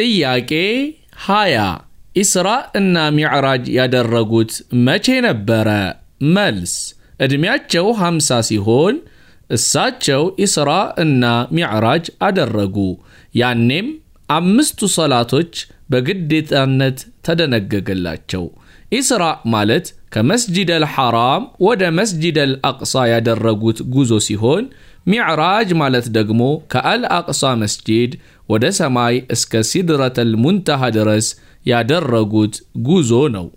ጥያቄ 20 ኢስራ እና ሚዕራጅ ያደረጉት መቼ ነበረ? መልስ ዕድሜያቸው 50 ሲሆን እሳቸው ኢስራ እና ሚዕራጅ አደረጉ። ያኔም አምስቱ ሰላቶች በግዴታነት ተደነገገላቸው። ኢስራ ማለት ከመስጂደል ሐራም ወደ መስጂደል አቅሳ ያደረጉት ጉዞ ሲሆን ሚዕራጅ ማለት ደግሞ ከአልአቅሳ መስጂድ ወደ ሰማይ እስከ ሲድረተል ሙንተሃ ድረስ ያደረጉት ጉዞ ነው።